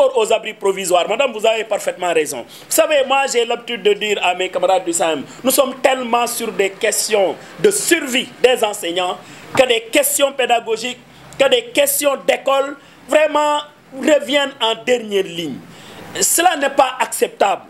rapport aux abris provisoires, madame, vous avez parfaitement raison. Vous savez, moi j'ai l'habitude de dire à mes camarades du SAM, nous sommes tellement sur des questions de survie des enseignants que des questions pédagogiques, que des questions d'école, vraiment reviennent en dernière ligne. Cela n'est pas acceptable.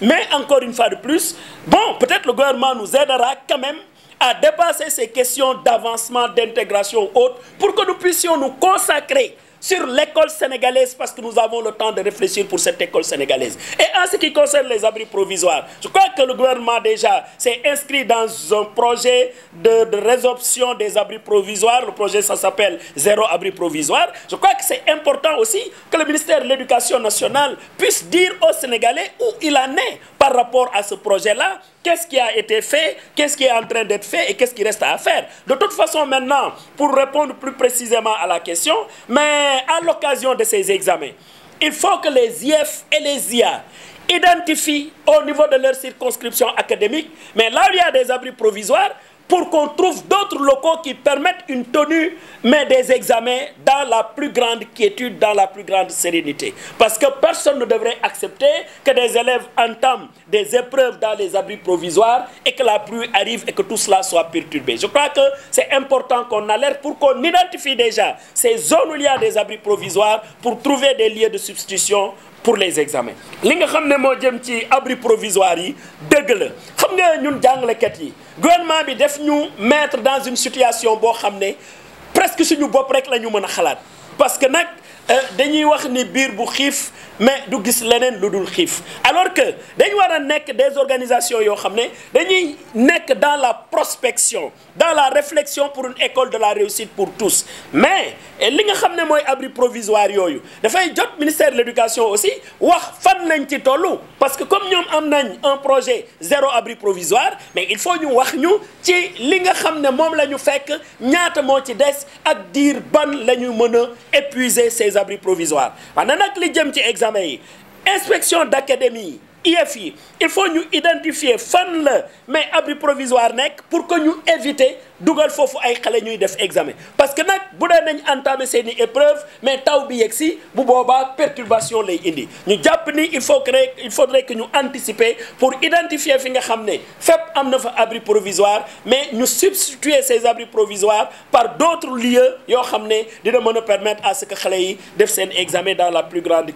Mais encore une fois de plus, bon, peut-être le gouvernement nous aidera quand même à dépasser ces questions d'avancement, d'intégration haute, pour que nous puissions nous consacrer sur l'école sénégalaise parce que nous avons le temps de réfléchir pour cette école sénégalaise. Et en ce qui concerne les abris provisoires, je crois que le gouvernement déjà s'est inscrit dans un projet de, de, résorption des abris provisoires. Le projet, ça s'appelle Zéro Abri Provisoire. Je crois que c'est important aussi que le ministère de l'Éducation nationale puisse dire aux Sénégalais où il en est par rapport à ce projet-là qu'est-ce qui a été fait, qu'est-ce qui est en train d'être fait et qu'est-ce qui reste à faire. De toute façon, maintenant, pour répondre plus précisément à la question, mais à l'occasion de ces examens, il faut que les IF et les IA identifient au niveau de leur circonscription académique, mais là où il y a des abris provisoires, pour qu'on trouve d'autres locaux qui permettent une tenue, mais des examens dans la plus grande quiétude, dans la plus grande sérénité. Parce que personne ne devrait accepter que des élèves entament des épreuves dans les abris provisoires et que la pluie arrive et que tout cela soit perturbé. Je crois que c'est important qu'on alerte pour qu'on identifie déjà ces zones où il a des abris provisoires pour trouver des lieux de substitution pour les examens li nga xam ne moo jëm ci abri provisoire yi dëgg la xam nga ñun jàngalekat yi gouvernement bi def ñu mettre dans une situation boo xam ne presque suñu bopp rek lañu mën a xalaat parce que nag Euh, dañuy wax ni biir bu xiif mais du gis leneen lu dul xiif alors que dañ war a nekk des organisations yoo xam ne dañuy nekk dans la prospection dans la réflexion pour une école de la réussite pour tous mais li nga xam ne mooy abri provisoire yooyu dafay jot ministère de l'éducation aussi wax fan lañ ci tollu parce que comme ñoom am nañ un projet zéro abri provisoire mais il faut ñu wax ñu ci li nga xam ne moom la ñu fekk ñaata moo ci des ak diir ban la ñu mën a épuiser ces des abris provisoires ana nag li jëm ci examen yi inspection d'académie IEF yi il faut ñu identifier fan la mais abri provisoire nekk pour que ñu éviter dugal foofu ay xale ñuy def examen parce que nag bu dee nañ entamé seen i épreuve mais taw bi yegg si bu boobaa perturbation lay indi ñu jàpp ni il faut que il faudrait que ñu anticiper pour identifier fi nga xam ne fépp am na fa abri provisoire mais ñu substituer ces abris provisoires par d'autres lieux yoo xam ne dina mën a permettre à ce que xale yi def seen examen dans la plus grande